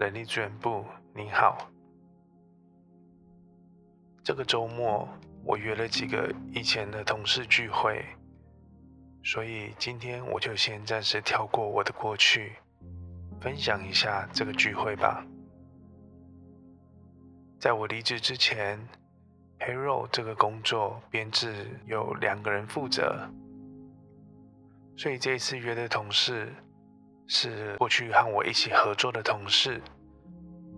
人力資源部，你好。這個周末我約了幾個以前的同事聚會，所以今天我就先暫時跳過我的過去，分享一下這個聚會吧。在我離職之前，Payroll 這個工作編制有兩個人負責，所以這次約的同事，是過去和我一起合作的同事，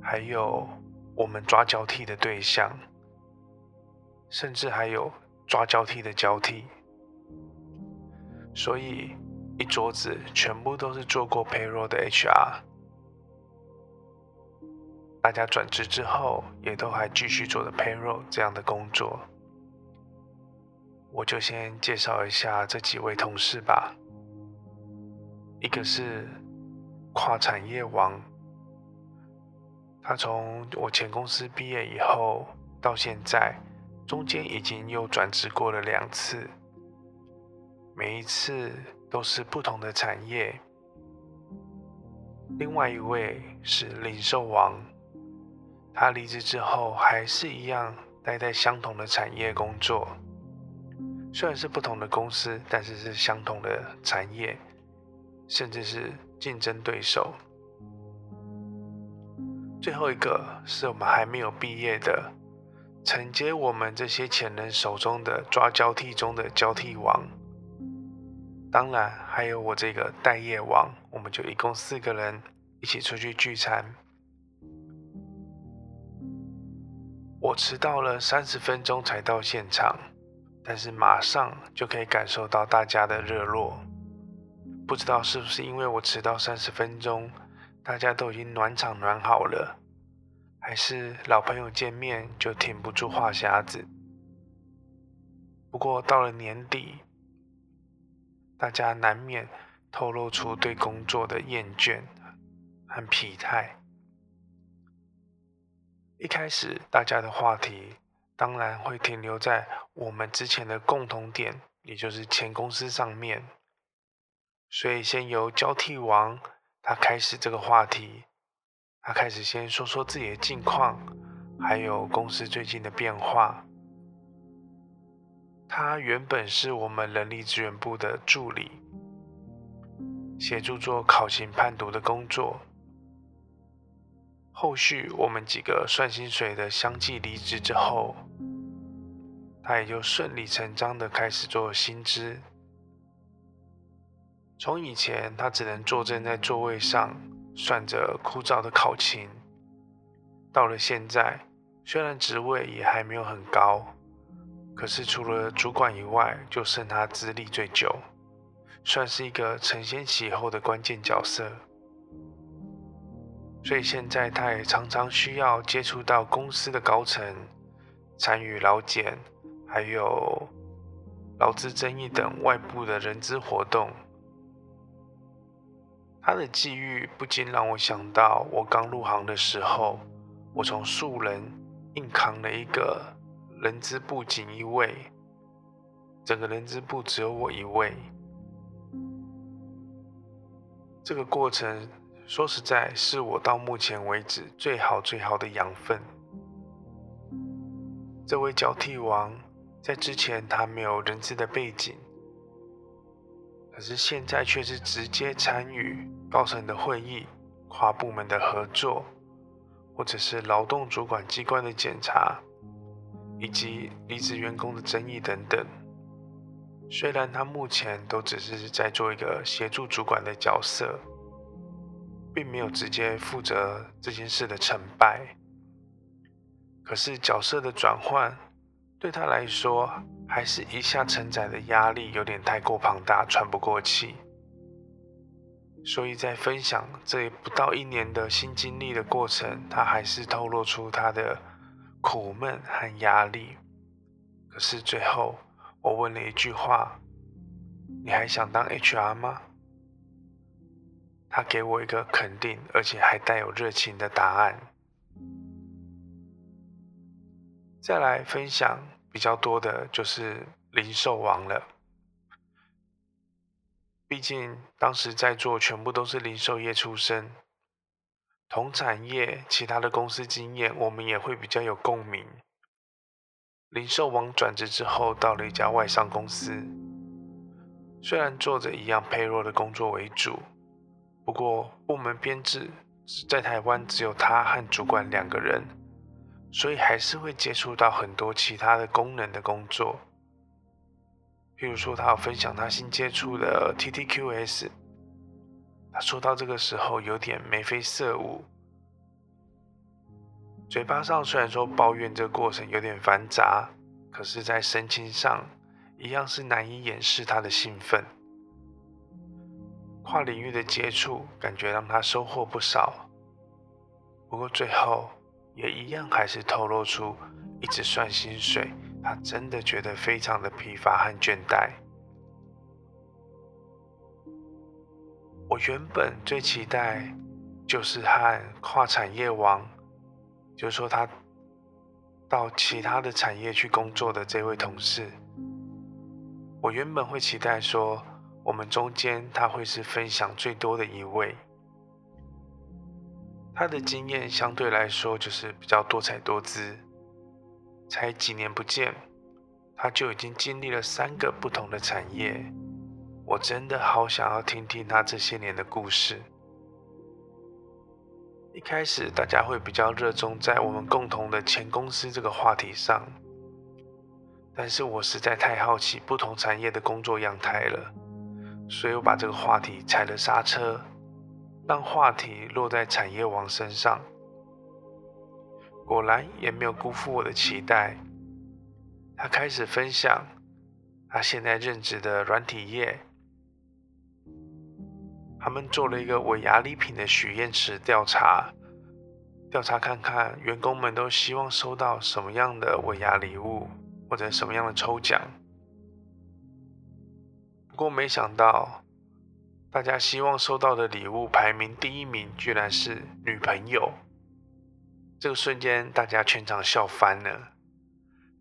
還有我們抓交替的對象，甚至還有抓交替的交替，所以一桌子全部都是做過 payroll 的 HR，大家轉職之後也都還繼續做的 payroll 這樣的工作。我就先介紹一下這幾位同事吧，一個是。跨產業王，他從我前公司畢業以後到現在，中間已經又轉職過了兩次，每一次都是不同的產業。另外一位是零售王，他離職之後還是一樣待在相同的產業工作，雖然是不同的公司，但是是相同的產業。甚至是競爭對手。最後一個是我們還沒有畢業的，承接我們這些前人手中的抓交替中的交替王，當然還有我這個待業王。我們就一共四個人一起出去聚餐。我遲到了三十分鐘才到現場，但是馬上就可以感受到大家的熱絡。不知道是不是因為我遲到三十分鐘，大家都已經暖場暖好了，還是老朋友見面就停不住話匣子。不過到了年底，大家難免透露出對工作的厭倦和疲態。一開始大家的話題當然會停留在我們之前的共同點，也就是前公司上面。所以，先由交替王他開始這個話題。他開始先說說自己的近況，還有公司最近的變化。他原本是我們人力資源部的助理，協助做考勤判讀的工作。後續我們幾個算薪水的相繼離職之後，他也就順理成章的開始做薪資。從以前，他只能坐正在座位上算着枯燥的考勤；到了現在，雖然職位也還沒有很高，可是除了主管以外，就剩他資歷最久，算是一個承先啟後的關鍵角色。所以現在，他也常常需要接觸到公司的高層，參與勞檢，還有勞資爭議等外部的人資活動。他的際遇不禁讓我想到，我剛入行的時候，我從素人硬扛了一個人資部錦衣衛，整個人資部只有我一位。這個過程說實在，是我到目前為止最好最好的養分。這位腳踢王在之前他沒有人資的背景，可是現在卻是直接參與高層的會議、跨部門的合作，或者是勞動主管機關的檢查，以及離職員工的爭議等等。雖然他目前都只是在做一個協助主管的角色，並沒有直接負責這件事的成敗，可是角色的轉換。對他來說，還是一下承載的壓力有點太過龐大，喘不過氣。所以在分享這不到一年的新經歷的過程，他還是透露出他的苦悶和壓力。可是最後，我問了一句話：“你還想當 HR 嗎？”他給我一個肯定，而且還帶有熱情的答案。再來分享。比較多的就是零售王了，畢竟當時在座全部都是零售業出身，同產業其他的公司經驗，我們也會比較有共鳴。零售王轉職之後到了一家外商公司，雖然做着一樣 payroll 的工作為主，不過部門編制在台灣只有他和主管兩個人。所以還是會接觸到很多其他的功能的工作，譬如說他要分享他新接觸的 TTQS，他說到這個時候有點眉飛色舞，嘴巴上雖然說抱怨這個過程有點繁雜，可是，在神情上一樣是難以掩飾他的興奮。跨領域的接觸，感覺讓他收穫不少。不過最後。也一樣，還是透露出一直算薪水，他真的覺得非常的疲乏和倦怠。我原本最期待就是和跨產業王，就是說他到其他的產業去工作的這位同事，我原本會期待說，我們中間他會是分享最多的一位。他的經驗相對來說就是比較多彩多姿，才幾年不見，他就已經經歷了三個不同的產業，我真的好想要聽聽他這些年的故事。一開始大家會比較熱衷在我們共同的前公司這個話題上，但是我實在太好奇不同產業的工作樣態了，所以我把這個話題踩了剎車。讓話題落在產業王身上，果然也沒有辜負我的期待。他開始分享他現在任職的軟體業，他們做了一個尾牙禮品的許願池調查，調查看看員工們都希望收到什麼樣的尾牙禮物，或者什麼樣的抽獎。不過沒想到。大家希望收到的禮物排名第一名，居然是女朋友。這個瞬間，大家全場笑翻了。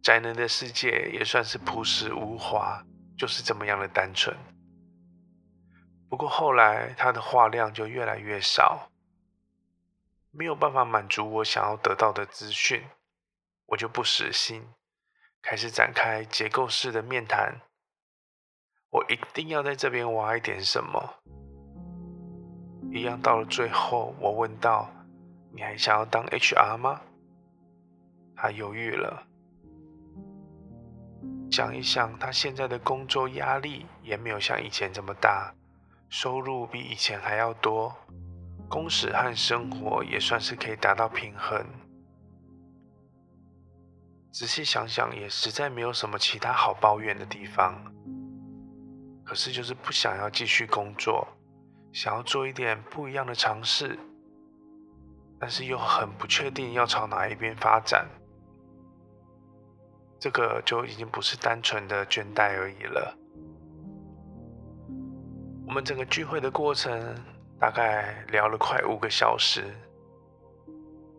宅男的世界也算是樸實無華，就是這麼樣的單純。不過後來，他的話量就越來越少，沒有辦法滿足我想要得到的資訊，我就不死心，開始展開結構式的面談。我一定要在這邊挖一點什麼。一樣到了最後，我問道：“你還想要當 HR 嗎？”他猶豫了，想一想，他現在的工作壓力也沒有像以前這麼大，收入比以前還要多，工時和生活也算是可以達到平衡。仔細想想，也實在沒有什麼其他好抱怨的地方。可是，就是不想要繼續工作，想要做一點不一樣的嘗試，但是又很不確定要朝哪一邊發展。這個就已經不是單純的倦怠而已了。我們整個聚會的過程大概聊了快五個小時。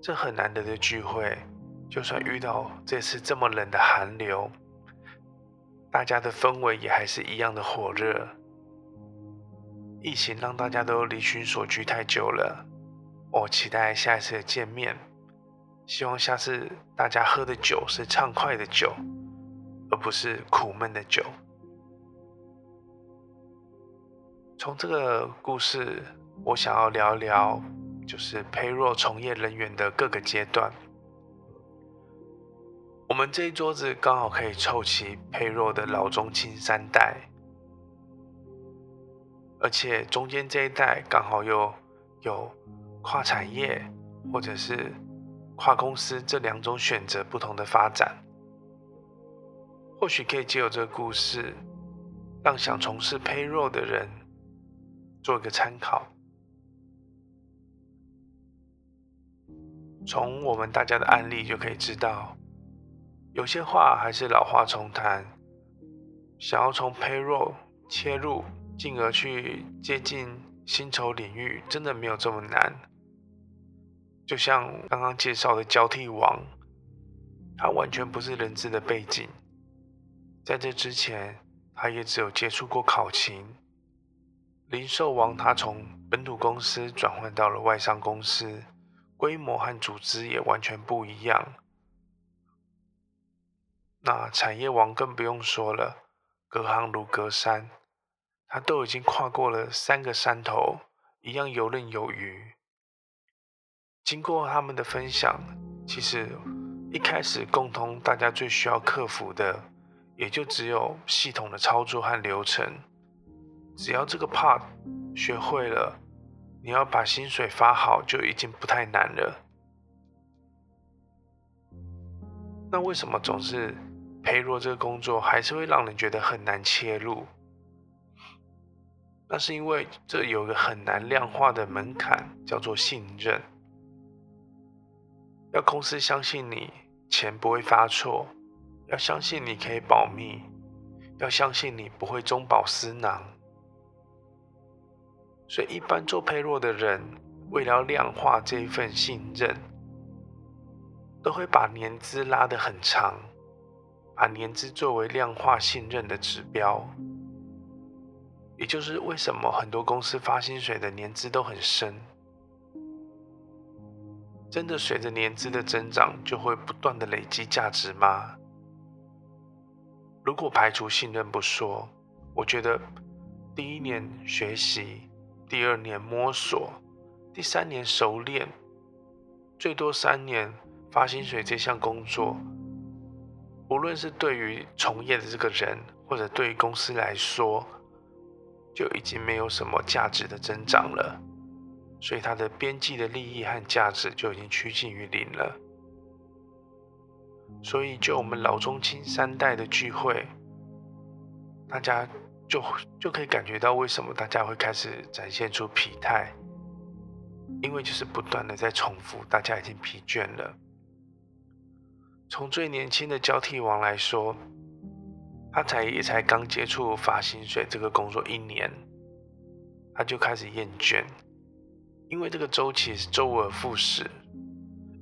這很難得的聚會，就算遇到這次這麼冷的寒流。大家的氛圍也還是一樣的火熱。疫情讓大家都離群索居太久了，我期待下一次的見面。希望下次大家喝的酒是暢快的酒，而不是苦悶的酒。從這個故事，我想要聊一聊就是 Payroll 從業人員的各個階段。我們這一桌子，剛好可以湊齊 Payroll 的老中青三代，而且中間這一代剛好又有，有跨產業或者是跨公司這兩種選擇不同的發展，或許可以借由這個故事，讓想從事 Payroll 的人做一個參考。從我們大家的案例就可以知道，有些話還是老話重談。想要從 payroll 切入，進而去接近薪酬領域，真的沒有這麼難。就像剛剛介紹的交替王，他完全不是人資的背景，在這之前他也只有接觸過考勤。零售王他從本土公司轉換到了外商公司，規模和組織也完全不一樣。那產業王更不用說了，隔行如隔山，他都已經跨過了三個山頭，一樣游刃有餘。經過他們的分享，其實一開始共通大家最需要克服的，也就只有系統的操作和流程。只要這個 part 學會了，你要把薪水發好就已經不太難了。那為什麼總是 Payroll 這個工作還是會讓人覺得很難切入，那是因為這有個很難量化的門檻，叫做信任。要公司相信你錢不會發錯，要相信你可以保密，要相信你不會中飽私囊。所以一般做 Payroll 的人，為了要量化這一份信任，都會把年資拉得很長。把年資作為量化信任的指標，也就是為什麼很多公司發薪水的年資都很深。真的隨着年資的增長就會不斷的累積價值嗎？如果排除信任不說，我覺得第一年學習，第二年摸索，第三年熟練，最多三年發薪水這項工作。無論是對於從業的這個人，或者對於公司來說，就已經沒有什麼價值的增長了，所以它的邊際的利益和價值就已經趨近於零了。所以，就我們老中青三代的聚會，大家就就可以感覺到為什麼大家會開始展現出疲態，因為就是不斷的在重複，大家已經疲倦了。從最年輕的交替王來說，他才也才剛接觸發薪水這個工作一年，他就開始厭倦，因為這個週期是周而復始，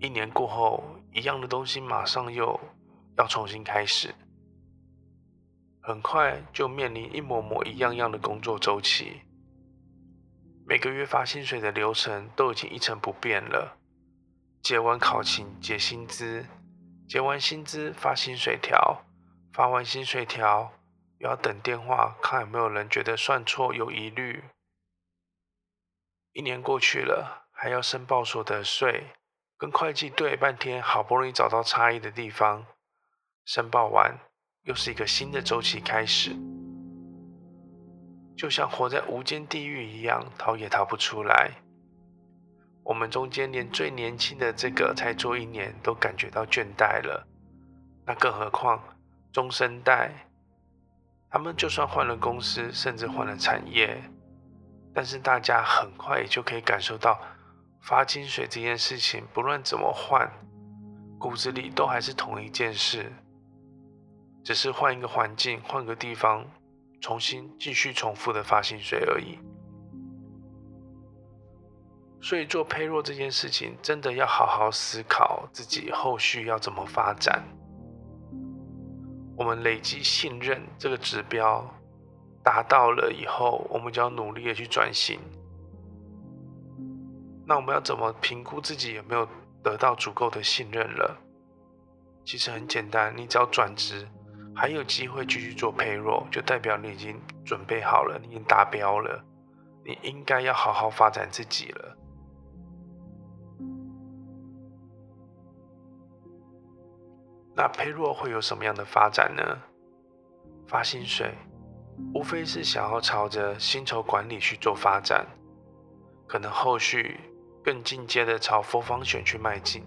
一年過後，一樣的東西馬上又要重新開始，很快就面臨一模模一樣樣的工作週期。每個月發薪水的流程都已經一成不變了，結完考勤，結薪資。結完薪資發薪水條，發完薪水條又要等電話，看有沒有人覺得算錯有疑慮。一年過去了，還要申報所得稅，跟會計對半天，好不容易找到差異的地方，申報完又是一個新的周期開始，就像活在無間地獄一樣，逃也逃不出來。我們中間連最年輕的這個才做一年，都感覺到倦怠了。那更何況中生代，他們就算換了公司，甚至換了產業，但是大家很快也就可以感受到發薪水這件事情，不論怎麼換，骨子裡都還是同一件事，只是換一個環境、換個地方，重新繼續重復的發薪水而已。所以做 payroll 這件事情，真的要好好思考自己後續要怎麼發展。我們累積信任這個指標達到了以後，我們就要努力的去轉型。那我們要怎麼評估自己有沒有得到足夠的信任了？其實很簡單，你只要轉職還有機會繼續做 payroll，就代表你已經準備好了，你已經達標了。你應該要好好發展自己了。那 Payroll 會有什麼樣的發展呢？發薪水無非是想要朝着薪酬管理去做發展，可能後續更進階的朝防風險去邁進。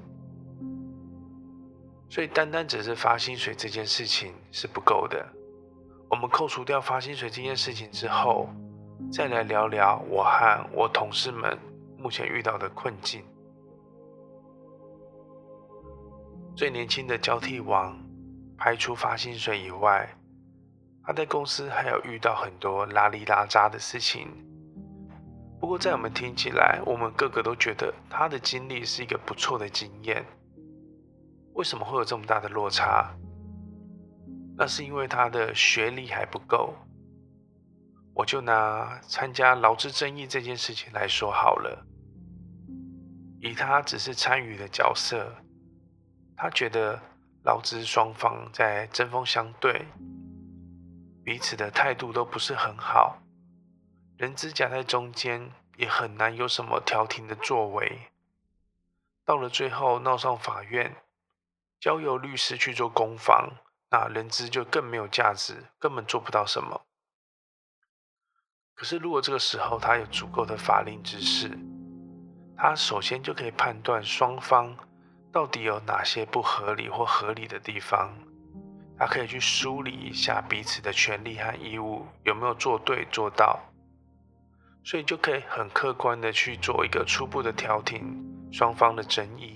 所以，單單只是發薪水這件事情是不夠的。我們扣除掉發薪水這件事情之後，再來聊聊我和我同事們目前遇到的困境。最年輕的交替王，排除發薪水以外，他在公司還有遇到很多拉哩拉雜的事情。不過在我們聽起來，我們個個都覺得他的經歷是一個不錯的經驗。為什麼會有這麼大的落差？那是因為他的學歷還不夠。我就拿參加勞資爭議這件事情來說好了，以他只是參與的角色。他覺得勞資雙方在針鋒相對，彼此的態度都不是很好，人資夾在中間也很難有什麼調停的作為。到了最後鬧上法院，交由律師去做攻防，那人資就更沒有價值，根本做不到什麼。可是如果這個時候他有足夠的法令知識，他首先就可以判斷雙方。到底有哪些不合理或合理的地方？他可以去梳理一下彼此的權利和義務，有沒有做對做到？所以就可以很客觀的去做一個初步的調停，雙方的爭議。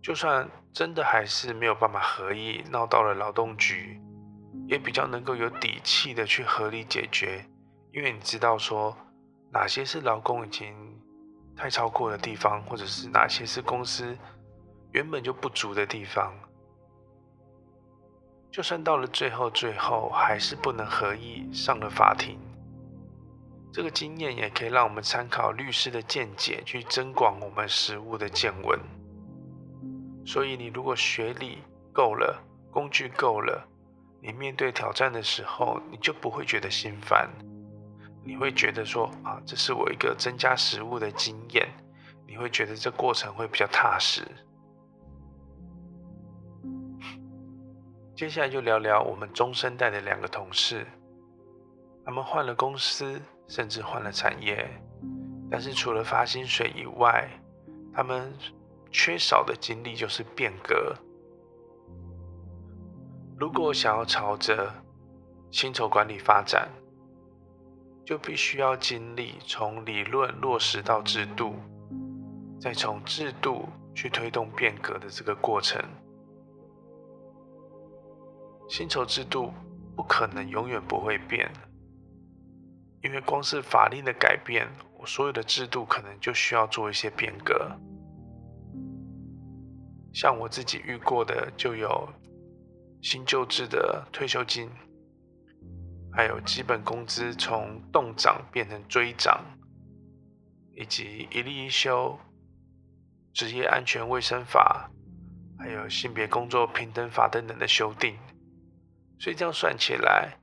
就算真的還是沒有辦法合意，鬧到了勞動局，也比較能夠有底氣的去合理解決，因為你知道說哪些是勞工已經。太超過的地方，或者是哪些是公司原本就不足的地方，就算到了最後，最後還是不能合意上了法庭。這個經驗也可以讓我們參考律師的見解，去增廣我們實務的見聞。所以，你如果學歷夠了，工具夠了，你面對挑戰的時候，你就不會覺得心煩。你會覺得說啊，這是我一個增加實務的經驗。你會覺得這過程會比較踏實。接下來就聊聊我們中生代的兩個同事，他們換了公司，甚至換了產業，但是除了發薪水以外，他們缺少的經歷就是變革。如果想要朝着薪酬管理發展，就必須要經歷從理論落實到制度，再從制度去推動變革的這個過程。薪酬制度不可能永遠不會變，因為光是法令的改變，我所有的制度可能就需要做一些變革。像我自己遇過的就有新舊制的退休金。還有基本工資從凍漲變成追漲，以及一例一休、職業安全衛生法、還有性別工作平等法等等的修訂，所以這樣算起來，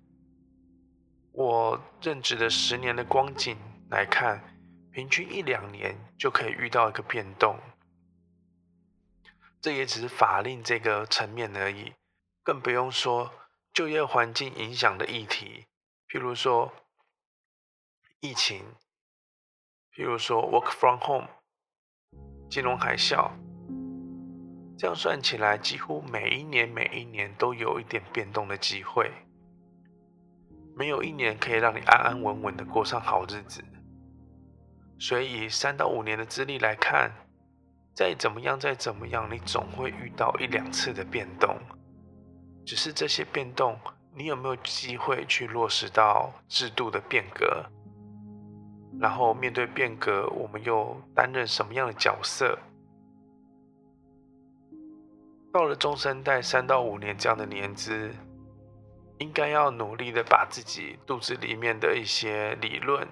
我任職的十年的光景來看，平均一兩年就可以遇到一個變動。這也只是法令這個層面而已，更不用說。就業環境影響的議題，譬如說疫情，譬如說 work from home，金融海嘯，這樣算起來，幾乎每一年每一年都有一點變動的機會，沒有一年可以讓你安安穩穩的過上好日子。所以，以三到五年的資歷來看，再怎麼樣再怎麼樣，你總會遇到一兩次的變動。只是這些變動，你有沒有機會去落實到制度的變革？然後面對變革，我們又擔任什麼樣的角色？到了中生代三到五年這樣的年資，應該要努力的把自己肚子裡面的一些理論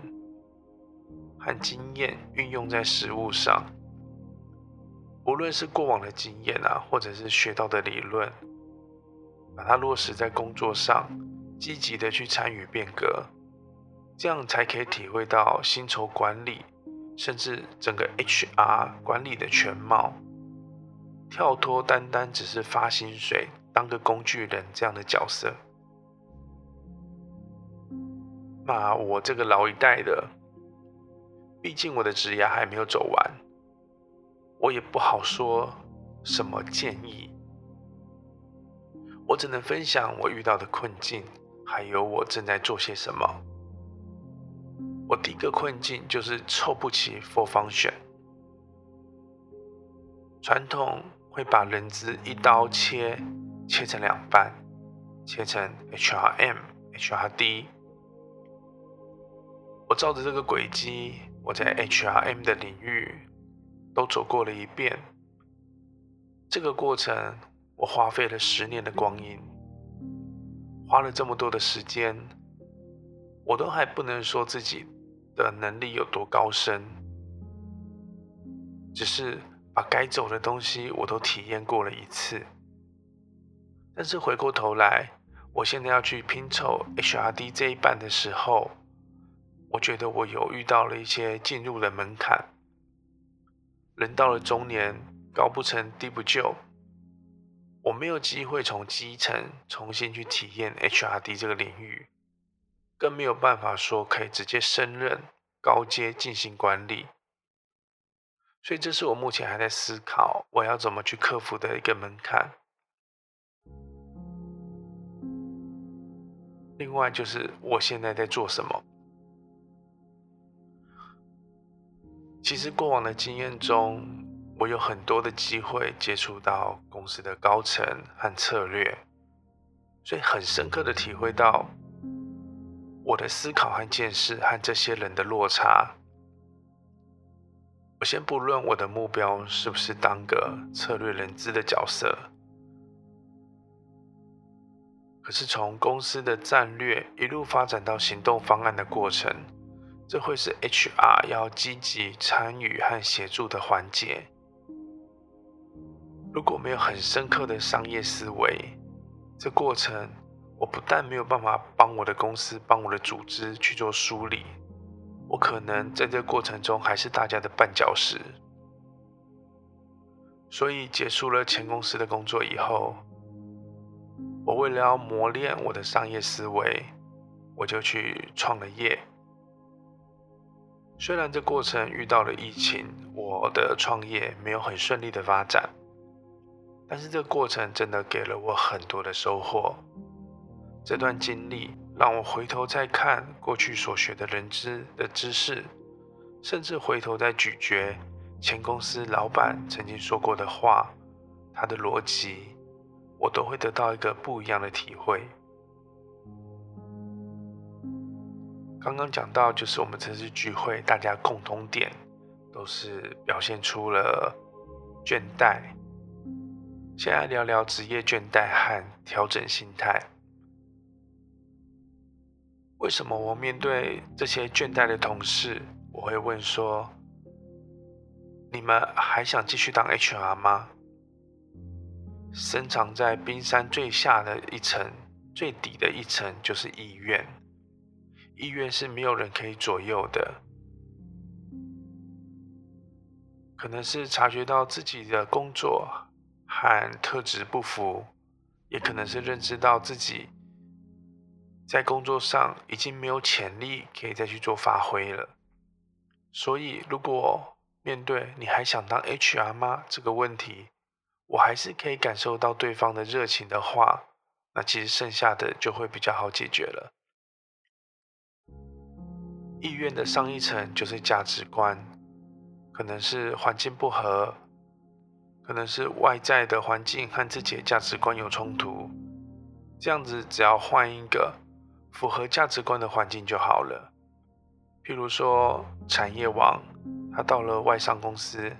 和經驗運用在實務上，無論是過往的經驗啊，或者是學到的理論。把它落實在工作上，積極地去參與變革，這樣才可以體會到薪酬管理，甚至整個 HR 管理的全貌，跳脫單單只是發薪水、當個工具人這樣的角色。那我這個老一代的，畢竟我的職涯還沒有走完，我也不好說什麼建議。我只能分享我遇到的困境，還有我正在做些什麼。我第一個困境就是湊不齊 Four Functions。傳統會把人資一刀切，切成兩半，切成 HRM、HRD。我照着這個軌跡，我在 HRM 的領域都走過了一遍，這個過程。我花費了十年的光陰，花了這麼多的時間，我都還不能說自己的能力有多高深，只是把該走的東西我都體驗過了一次。但是回過頭來，我現在要去拼湊 HRD 這一半的時候，我覺得我有遇到了一些進入了門檻。人到了中年，高不成低不就。我沒有機會從基層重新去體驗 HRD 這個領域，更沒有辦法說可以直接升任高階進行管理，所以這是我目前還在思考我要怎麼去克服的一個門檻。另外就是我現在在做什麼，其實過往的經驗中。我有很多的機會接觸到公司的高層和策略，所以很深刻的體會到我的思考和見識和這些人的落差。我先不論我的目標是不是當個策略人資的角色，可是從公司的戰略一路發展到行動方案的過程，這會是 HR 要積極參與和協助的環節。如果沒有很深刻的商業思維，這過程我不但沒有辦法幫我的公司、幫我的組織去做梳理，我可能在這過程中還是大家的絆腳石。所以，結束了前公司的工作以後，我為了要磨練我的商業思維，我就去創了業。雖然這過程遇到了疫情，我的創業沒有很順利的發展。但是這個過程真的給了我很多的收穫，這段經歷讓我回頭再看過去所學的人資的知識，甚至回頭再咀嚼前公司老闆曾經說過的話，他的邏輯，我都會得到一個不一樣的體會。剛剛講到，就是我們這次聚會大家共同點，都是表現出了倦怠。先來聊聊職業倦怠和調整心態。為什麼我面對這些倦怠的同事，我會問說：“你們還想繼續當 HR 嗎？”深藏在冰山最下的一層，最底的一層，就是意願。意願是沒有人可以左右的，可能是察覺到自己的工作。和特質不符，也可能是認知到自己在工作上已經沒有潛力可以再去做發揮了。所以，如果面對“你還想當 HR 嗎”這個問題，我還是可以感受到對方的熱情的話，那其實剩下的就會比較好解決了。意願的上一層就是價值觀，可能是環境不合。可能是外在的環境和自己的價值觀有衝突，這樣子只要換一個符合價值觀的環境就好了。譬如說產業王，他到了外商公司，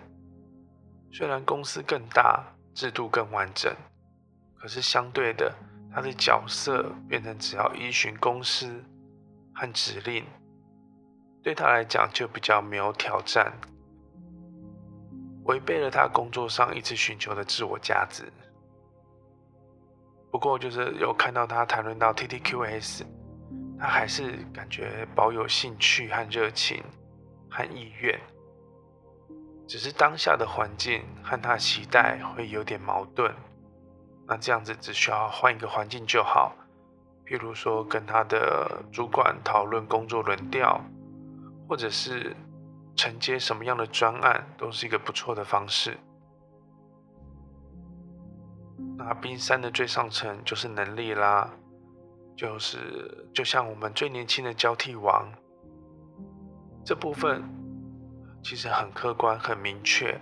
雖然公司更大，制度更完整，可是相對的，他的角色變成只要依循公司和指令，對他來講就比較沒有挑戰。違背了他工作上一直尋求的自我價值。不過，就是有看到他談論到 TTQS，他還是感覺保有興趣和熱情和意願。只是當下的環境和他期待會有點矛盾。那這樣子只需要換一個環境就好，譬如說跟他的主管討論工作輪調，或者是。承接什麼樣的專案都是一個不錯的方式。那冰山的最上層就是能力啦，就是就像我們最年輕的交替王，這部分其實很客觀、很明確，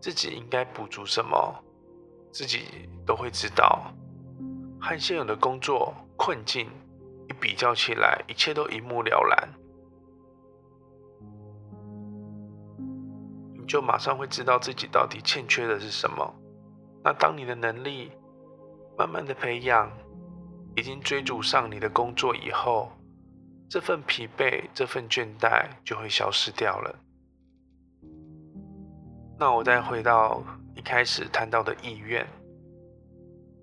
自己應該補足什麼，自己都會知道。和現有的工作困境一比較起來，一切都一目了然。就馬上會知道自己到底欠缺的是什麼。那當你的能力慢慢的培養，已經追逐上你的工作以後，這份疲憊、這份倦怠就會消失掉了。那我再回到一開始談到的意願，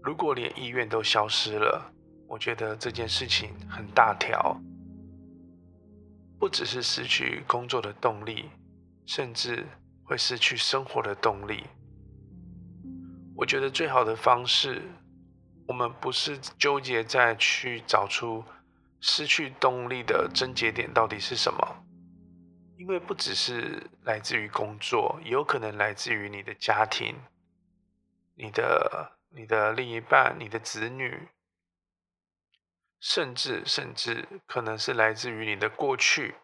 如果連意願都消失了，我覺得這件事情很大條，不只是失去工作的動力，甚至。會失去生活的動力。我覺得最好的方式，我們不是糾結在去找出失去動力的症結點到底是什麼，因為不只是來自於工作，也有可能來自於你的家庭、你的、你的另一半、你的子女，甚至甚至可能是來自於你的過去，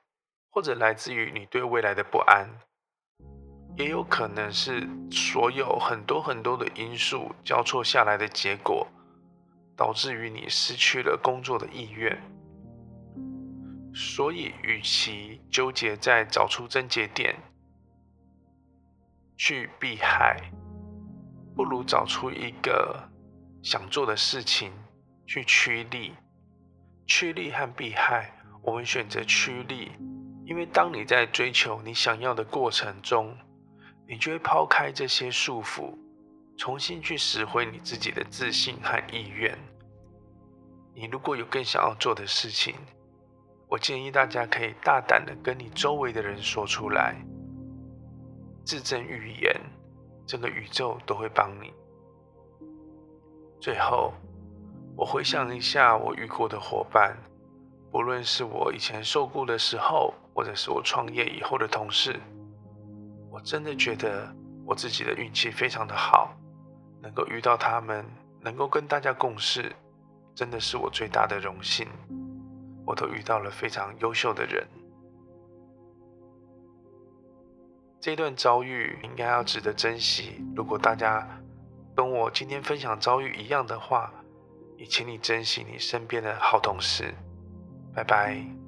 或者來自於你對未來的不安。也有可能是所有很多很多的因素交錯下來的結果，導致於你失去了工作的意願。所以，與其糾結在找出症結點去避害，不如找出一個想做的事情去趨利。趨利和避害，我們選擇趨利，因為當你在追求你想要的過程中。你就會拋開這些束縛，重新去拾回你自己的自信和意願。你如果有更想要做的事情，我建議大家可以大膽的跟你周圍的人說出來，自證預言，整個宇宙都會幫你。最後，我回想一下我遇過的夥伴，不論是我以前受僱的時候，或者是我創業以後的同事。我真的覺得我自己的運氣非常的好，能夠遇到他們，能夠跟大家共事，真的是我最大的榮幸。我都遇到了非常優秀的人。這段遭遇應該要值得珍惜。如果大家跟我今天分享遭遇一樣的話，也請你珍惜你身邊的好同事。拜拜。